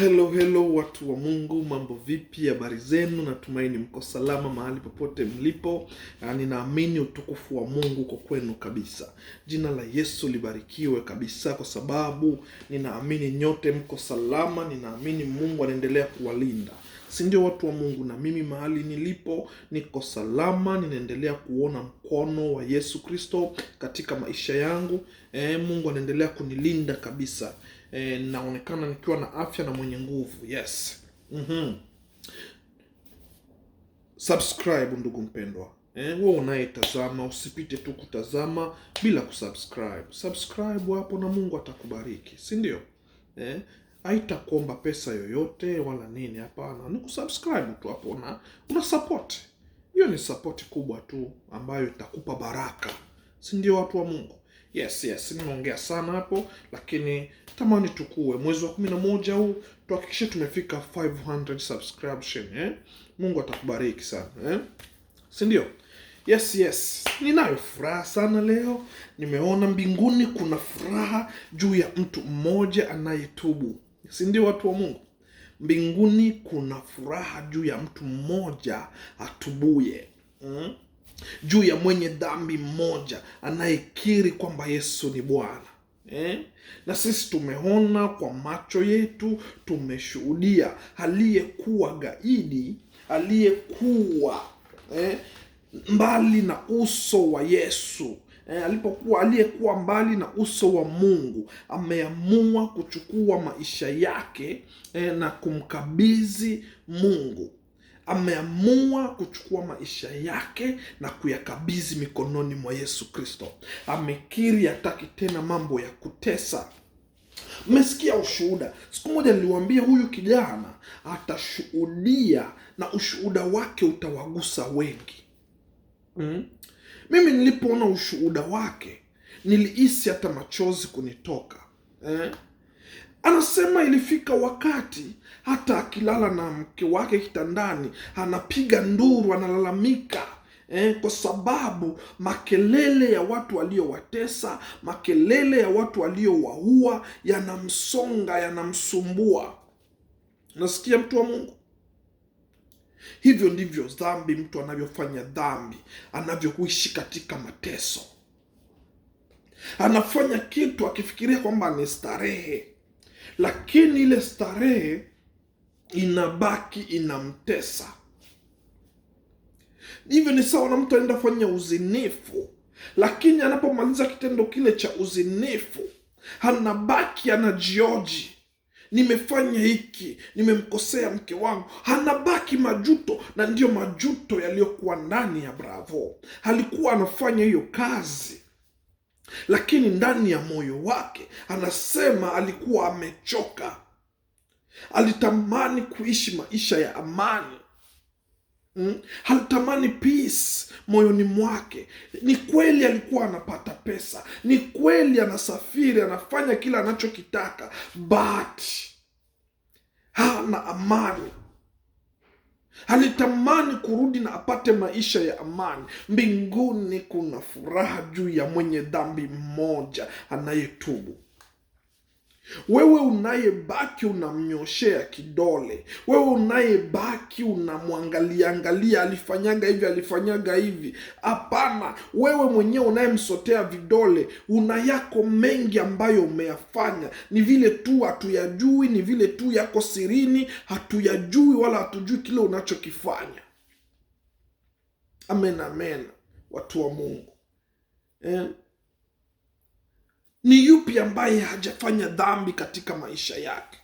Hello, hello watu wa Mungu, mambo vipi? Habari zenu? Natumaini mko salama mahali popote mlipo. Ninaamini utukufu wa Mungu uko kwenu kabisa. Jina la Yesu libarikiwe kabisa, kwa sababu ninaamini nyote mko salama. Ninaamini Mungu anaendelea kuwalinda, si ndio watu wa Mungu? Na mimi mahali nilipo niko salama, ninaendelea kuona mkono wa Yesu Kristo katika maisha yangu. E, Mungu anaendelea kunilinda kabisa e, naonekana nikiwa na afya na mwenye nguvu. Yes. mm -hmm. Subscribe ndugu mpendwa eh, wewe unayetazama usipite tu kutazama bila kusubscribe. Subscribe hapo na Mungu atakubariki, si ndio? Eh, haitakuomba pesa yoyote wala nini, hapana, ni kusubscribe tu hapo na una support. Hiyo ni support kubwa tu ambayo itakupa baraka, si ndio, watu wa Mungu? Yes, yes, nimeongea sana hapo, lakini tamani tukue mwezi wa kumi na moja huu tuhakikishe tumefika 500 subscription eh? Mungu atakubariki sana eh? si ndio? Yes, yes, ninayo furaha sana leo. Nimeona mbinguni kuna furaha juu ya mtu mmoja anayetubu, si ndio, watu wa Mungu? Mbinguni kuna furaha juu ya mtu mmoja atubuye mm? juu ya mwenye dhambi mmoja anayekiri kwamba Yesu ni Bwana. Eh? Na sisi tumeona kwa macho yetu, tumeshuhudia aliyekuwa gaidi, aliyekuwa eh, mbali na uso wa Yesu eh, alipokuwa aliyekuwa mbali na uso wa Mungu ameamua kuchukua maisha yake eh, na kumkabidhi Mungu ameamua kuchukua maisha yake na kuyakabidhi mikononi mwa Yesu Kristo. Amekiri hataki tena mambo ya kutesa. Mmesikia ushuhuda. Siku moja niliwaambia huyu kijana atashuhudia na ushuhuda wake utawagusa wengi. Mm. Mimi nilipoona ushuhuda wake nilihisi hata machozi kunitoka eh? Anasema ilifika wakati hata akilala na mke wake kitandani anapiga nduru, analalamika eh, kwa sababu makelele ya watu waliowatesa, makelele ya watu waliowaua yanamsonga, yanamsumbua. Nasikia mtu wa Mungu. Hivyo ndivyo dhambi, mtu anavyofanya dhambi, anavyokuishi katika mateso. Anafanya kitu akifikiria kwamba ni starehe lakini ile starehe inabaki inamtesa. Hivyo ni sawa na mtu anaenda fanya uzinifu, lakini anapomaliza kitendo kile cha uzinifu anabaki anajioji, nimefanya hiki, nimemkosea mke wangu. Anabaki majuto, na ndiyo majuto yaliyokuwa ndani ya Bravo. Alikuwa anafanya hiyo kazi lakini ndani ya moyo wake anasema alikuwa amechoka. Alitamani kuishi maisha ya amani. Hmm? Halitamani peace moyoni mwake. Ni kweli alikuwa anapata pesa, ni kweli anasafiri, anafanya kila anachokitaka, but hana amani. Alitamani kurudi na apate maisha ya amani mbinguni. Kuna furaha juu ya mwenye dhambi mmoja anayetubu. Wewe unayebaki unamnyoshea kidole, wewe unayebaki unamwangaliangalia alifanyaga hivi, alifanyaga hivi. Hapana, wewe mwenyewe unayemsotea vidole, una yako mengi ambayo umeyafanya, ni vile tu hatuyajui, ni vile tu yako sirini, hatuyajui wala hatujui kile unachokifanya. Amen, amen, watu wa Mungu eh? Ni yupi ambaye hajafanya dhambi katika maisha yake?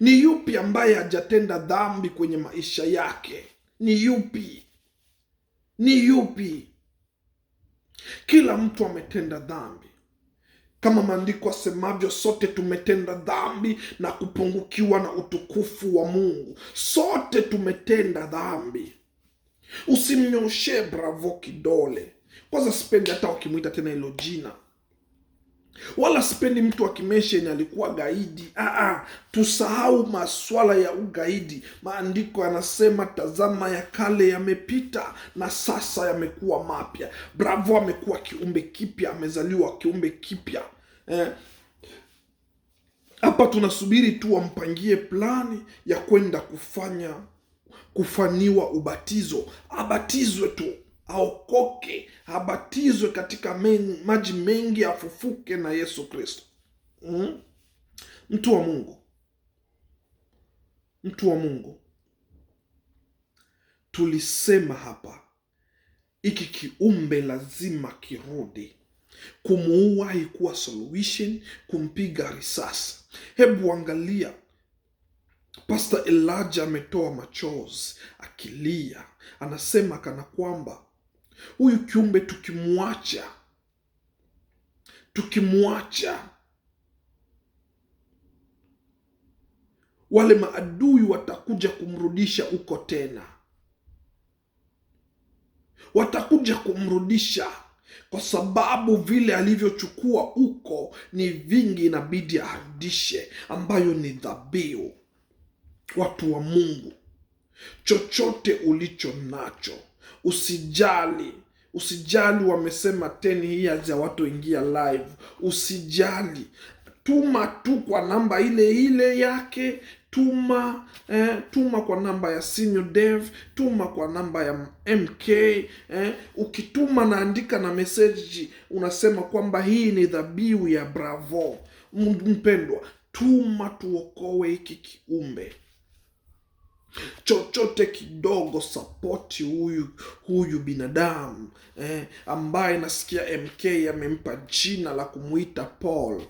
Ni yupi ambaye hajatenda dhambi kwenye maisha yake? Ni yupi? Ni yupi? Kila mtu ametenda dhambi, kama maandiko asemavyo, sote tumetenda dhambi na kupungukiwa na utukufu wa Mungu. Sote tumetenda dhambi. Usimnyoshee Bravo kidole kwanza. Sipendi hata wakimwita tena hilo jina wala sipendi mtu wa kimesheni alikuwa gaidi. Aa, ah, ah. tusahau maswala ya ugaidi. Maandiko yanasema tazama, ya kale yamepita na sasa yamekuwa mapya. Bravo amekuwa kiumbe kipya, amezaliwa kiumbe kipya eh. Hapa tunasubiri tu wampangie plani ya kwenda kufanya kufaniwa ubatizo, abatizwe tu aokoke, abatizwe katika maji mengi, afufuke na Yesu Kristo. Mm? Mtu wa Mungu, mtu wa Mungu, tulisema hapa hiki kiumbe lazima kirudi. Kumuua haikuwa solution, kumpiga risasi. Hebu angalia, Pastor Elijah ametoa machozi akilia, anasema kana kwamba Huyu kiumbe tukimwacha, tukimwacha wale maadui watakuja kumrudisha huko tena, watakuja kumrudisha kwa sababu vile alivyochukua huko ni vingi, inabidi arudishe, ambayo ni dhabihu. Watu wa Mungu, chochote ulicho nacho Usijali, usijali wamesema 10 years ingia live, usijali tuma tu kwa namba ile ile yake tuma eh, tuma kwa namba ya senior dev, tuma kwa namba ya MK eh. Ukituma naandika na meseji unasema kwamba hii ni dhabihu ya Bravo. Mpendwa, tuma tuokoe hiki kiumbe chochote kidogo, sapoti huyu huyu binadamu eh, ambaye nasikia MK amempa jina la kumwita Paul.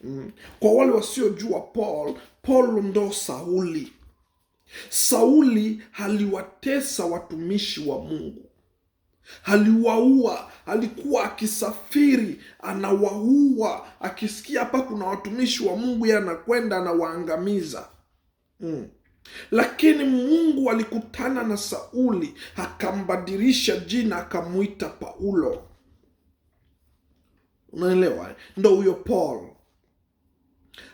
Mm. Kwa wale wasiojua Paul, Paul ndo Sauli. Sauli aliwatesa watumishi wa Mungu, aliwaua. Alikuwa akisafiri anawaua, akisikia hapa kuna watumishi wa Mungu, yeye anakwenda anawaangamiza. Mm. Lakini Mungu alikutana na Sauli, akambadilisha jina, akamwita Paulo. Unaelewa, ndo huyo Paul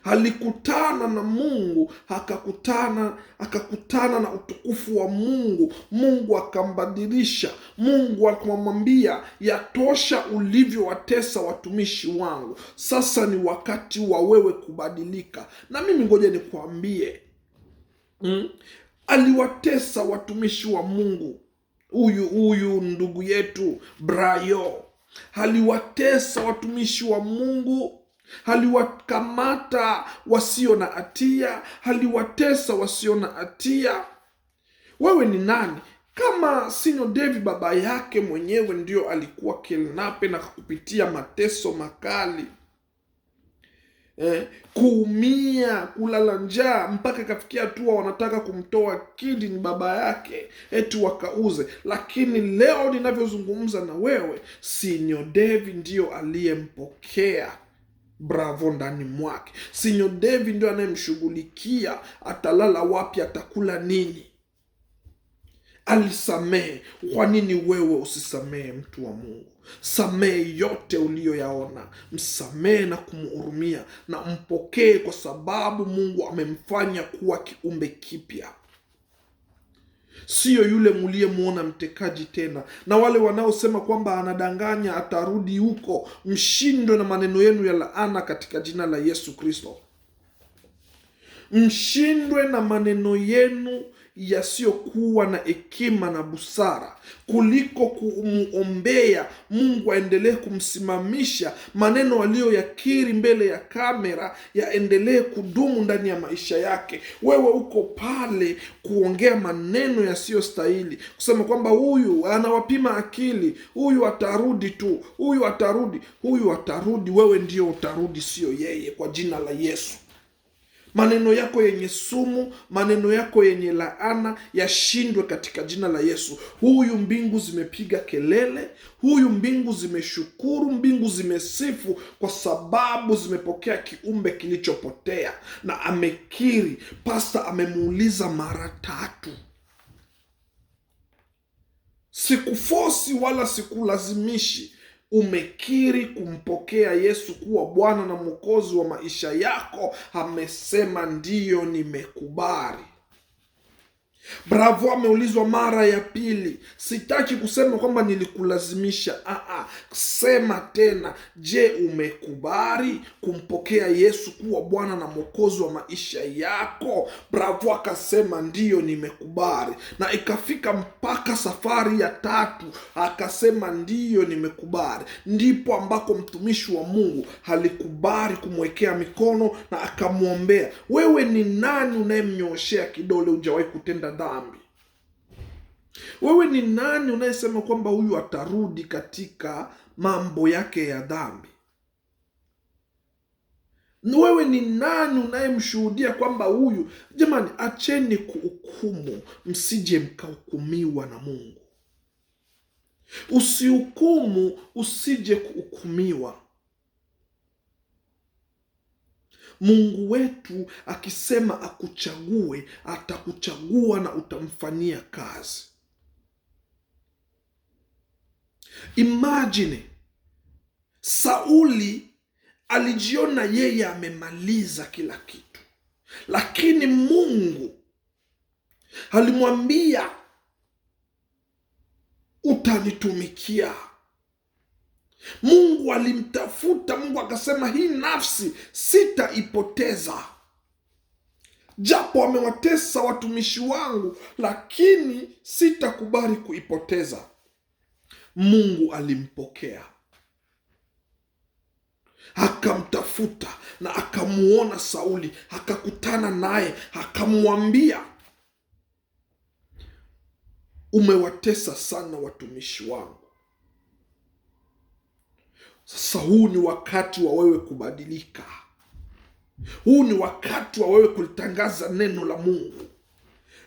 alikutana na Mungu akakutana akakutana na utukufu wa Mungu. Mungu akambadilisha. Mungu akamwambia, yatosha ulivyowatesa watumishi wangu, sasa ni wakati wa wewe kubadilika. Na mimi ngoja nikuambie mm, aliwatesa watumishi wa Mungu. Huyu huyu ndugu yetu Brayo aliwatesa watumishi wa Mungu, aliwakamata wasio na hatia, aliwatesa wasio na hatia. Wewe ni nani kama sino Davi baba yake mwenyewe ndio alikuwa kelnape na kupitia mateso makali? eh, kuumia, kulala njaa, mpaka ikafikia hatua wanataka kumtoa kidi, ni baba yake, eti wakauze. Lakini leo ninavyozungumza na wewe, Sinyo Devi ndiyo aliyempokea Bravo ndani mwake. Sinyo Devi ndio anayemshughulikia, atalala wapi, atakula nini. Alisamehe, kwa nini wewe usisamehe, mtu wa Mungu? samehe yote uliyoyaona, msamehe na kumhurumia na mpokee, kwa sababu Mungu amemfanya kuwa kiumbe kipya, siyo yule mliyemwona mtekaji tena. Na wale wanaosema kwamba anadanganya, atarudi huko, mshindwe na maneno yenu ya laana katika jina la Yesu Kristo. Mshindwe na maneno yenu yasiyokuwa na hekima na busara, kuliko kumuombea Mungu aendelee kumsimamisha. Maneno aliyoyakiri mbele ya kamera yaendelee kudumu ndani ya maisha yake. Wewe uko pale kuongea maneno yasiyostahili, kusema kwamba huyu anawapima akili, huyu atarudi tu, huyu atarudi, huyu atarudi. Wewe ndio utarudi, siyo yeye, kwa jina la Yesu maneno yako yenye sumu, maneno yako yenye laana yashindwe katika jina la Yesu. Huyu mbingu zimepiga kelele, huyu mbingu zimeshukuru, mbingu zimesifu kwa sababu zimepokea kiumbe kilichopotea na amekiri. Pasta amemuuliza mara tatu. Sikufosi wala sikulazimishi umekiri kumpokea Yesu kuwa Bwana na Mwokozi wa maisha yako, amesema ndiyo, nimekubali. Bravo ameulizwa mara ya pili. Sitaki kusema kwamba nilikulazimisha. Aa, ah, ah. sema tena, je, umekubali kumpokea Yesu kuwa Bwana na Mwokozi wa maisha yako? Bravo akasema ndiyo, nimekubali. Na ikafika mpaka safari ya tatu akasema ndiyo, nimekubali. Ndipo ambako mtumishi wa Mungu alikubali kumwekea mikono na akamwombea. Wewe ni nani unayemnyooshea kidole? Hujawahi kutenda dhambi. Wewe ni nani unayesema kwamba huyu atarudi katika mambo yake ya dhambi? Wewe ni nani unayemshuhudia kwamba huyu? Jamani, acheni kuhukumu, msije mkahukumiwa na Mungu. Usihukumu usije kuhukumiwa. Mungu wetu akisema akuchague, atakuchagua na utamfanyia kazi. Imagine Sauli alijiona yeye amemaliza kila kitu, lakini Mungu alimwambia utanitumikia Mungu alimtafuta, Mungu akasema hii nafsi sitaipoteza, japo amewatesa watumishi wangu, lakini sitakubali kuipoteza. Mungu alimpokea akamtafuta na akamuona Sauli, akakutana naye, akamwambia umewatesa sana watumishi wangu sasa huu ni wakati wa wewe kubadilika. Huu ni wakati wa wewe kulitangaza neno la Mungu.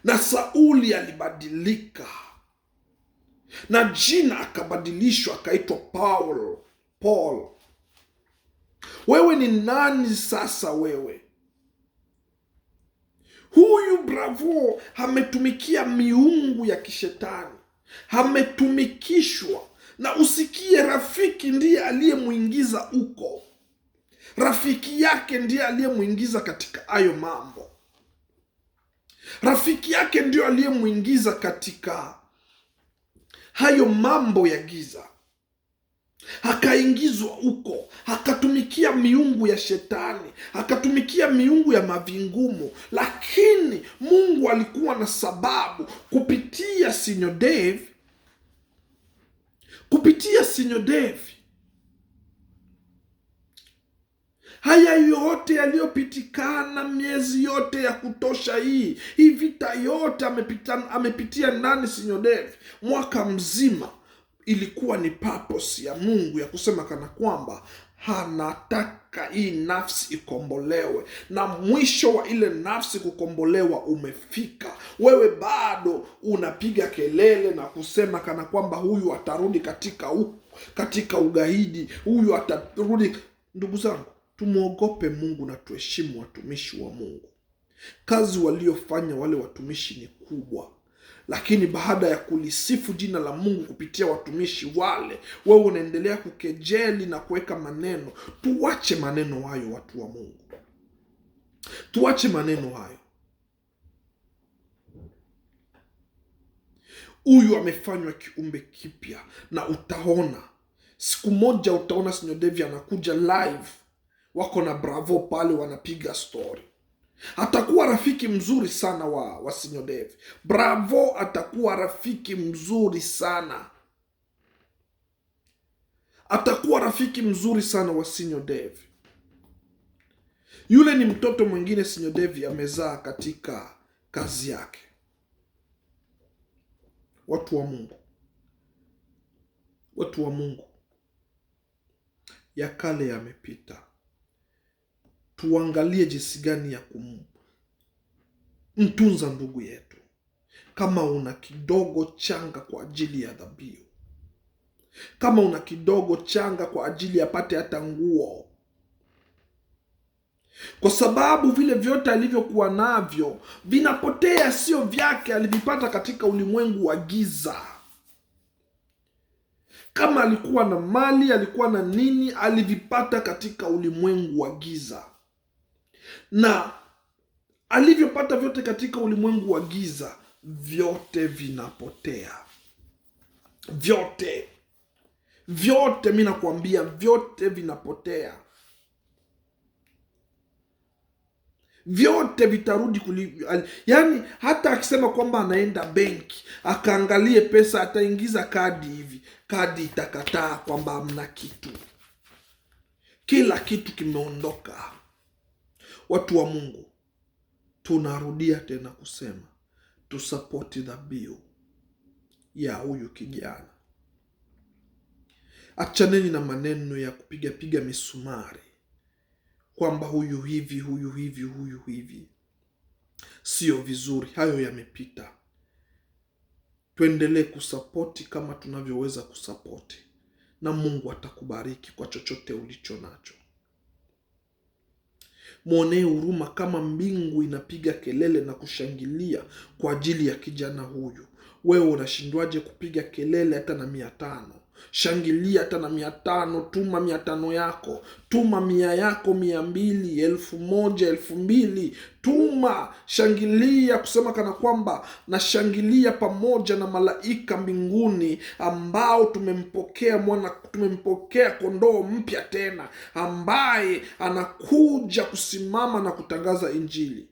Na Sauli alibadilika na jina akabadilishwa, akaitwa Paul, Paul. Wewe ni nani sasa? Wewe huyu Bravo ametumikia miungu ya kishetani, ametumikishwa na usikie rafiki ndiye aliyemwingiza huko, rafiki yake ndiye aliyemwingiza katika hayo mambo, rafiki yake ndiyo aliyemwingiza katika hayo mambo ya giza, akaingizwa huko, akatumikia miungu ya shetani, akatumikia miungu ya mavingumu. Lakini Mungu alikuwa na sababu kupitia Sinyo Dave kupitia Devi. Haya yote yaliyopitikana, miezi yote ya kutosha hii hii vita yote amepita, amepitia ndani Devi, mwaka mzima ilikuwa ni purpose ya Mungu ya kusema kana kwamba anataka hii nafsi ikombolewe, na mwisho wa ile nafsi kukombolewa umefika. Wewe bado unapiga kelele na kusema kana kwamba huyu atarudi katika u, katika ugaidi, huyu atarudi. Ndugu zangu, tumwogope Mungu na tuheshimu watumishi wa Mungu. Kazi waliofanya wale watumishi ni kubwa lakini baada ya kulisifu jina la Mungu kupitia watumishi wale, wewe unaendelea kukejeli na kuweka maneno. Tuwache maneno hayo, watu wa Mungu, tuwache maneno hayo. Huyu amefanywa kiumbe kipya, na utaona siku moja, utaona Sinyodevi anakuja live, wako na Bravo pale, wanapiga stori Atakuwa rafiki mzuri sana wa wasinyodevu. Bravo atakuwa rafiki mzuri sana atakuwa rafiki mzuri sana wa Sinyodev. Yule ni mtoto mwingine Sinyodev amezaa katika kazi yake. Watu wa Mungu, watu wa Mungu, ya kale yamepita, tuangalie jinsi gani ya kumtunza ndugu yetu. Kama una kidogo changa kwa ajili ya dhabihu, kama una kidogo changa kwa ajili ya pate hata nguo, kwa sababu vile vyote alivyokuwa navyo vinapotea, sio vyake, alivipata katika ulimwengu wa giza. Kama alikuwa na mali, alikuwa na nini, alivipata katika ulimwengu wa giza na alivyopata vyote katika ulimwengu wa giza, vyote vinapotea, vyote vyote, mi nakuambia, vyote vinapotea, vyote vitarudi kuli, yani hata akisema kwamba anaenda benki akaangalie pesa, ataingiza kadi hivi, kadi itakataa kwamba hamna kitu, kila kitu kimeondoka watu wa Mungu, tunarudia tena kusema tusapoti dhabihu ya huyu kijana. Achaneni na maneno ya kupigapiga misumari kwamba huyu hivi, huyu hivi, huyu hivi. Sio vizuri, hayo yamepita. Tuendelee kusapoti kama tunavyoweza kusapoti, na Mungu atakubariki kwa chochote ulicho nacho mwonee huruma kama mbingu inapiga kelele na kushangilia kwa ajili ya kijana huyu. Wewe unashindwaje kupiga kelele hata na mia tano? Shangilia hata na mia tano. Tuma mia tano yako, tuma mia yako, mia mbili, elfu moja, elfu mbili. Tuma, shangilia kusema kana kwamba nashangilia pamoja na malaika mbinguni, ambao tumempokea mwana, tumempokea kondoo mpya tena, ambaye anakuja kusimama na kutangaza Injili.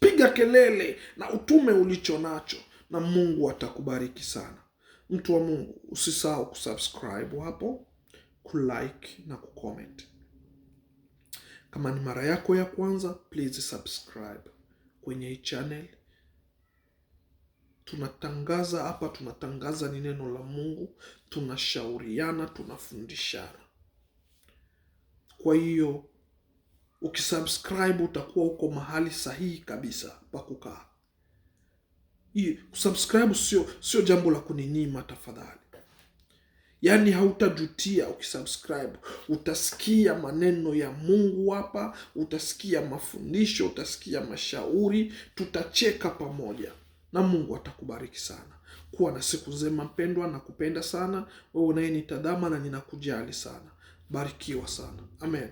Piga kelele na utume ulicho nacho, na Mungu atakubariki sana. Mtu wa Mungu, usisahau kusubscribe hapo, kulike na kucomment. Kama ni mara yako ya kwanza, please subscribe kwenye hii channel. Tunatangaza hapa, tunatangaza ni neno la Mungu, tunashauriana, tunafundishana. Kwa hiyo ukisubscribe utakuwa uko mahali sahihi kabisa pa kukaa. Kusubscribe sio sio jambo la kuninyima tafadhali. Yaani hautajutia ukisubscribe. Utasikia maneno ya Mungu hapa, utasikia mafundisho, utasikia mashauri, tutacheka pamoja na Mungu atakubariki sana. Kuwa na siku njema mpendwa, na kupenda sana wewe unayenitazama na ninakujali sana. Barikiwa sana. Amen.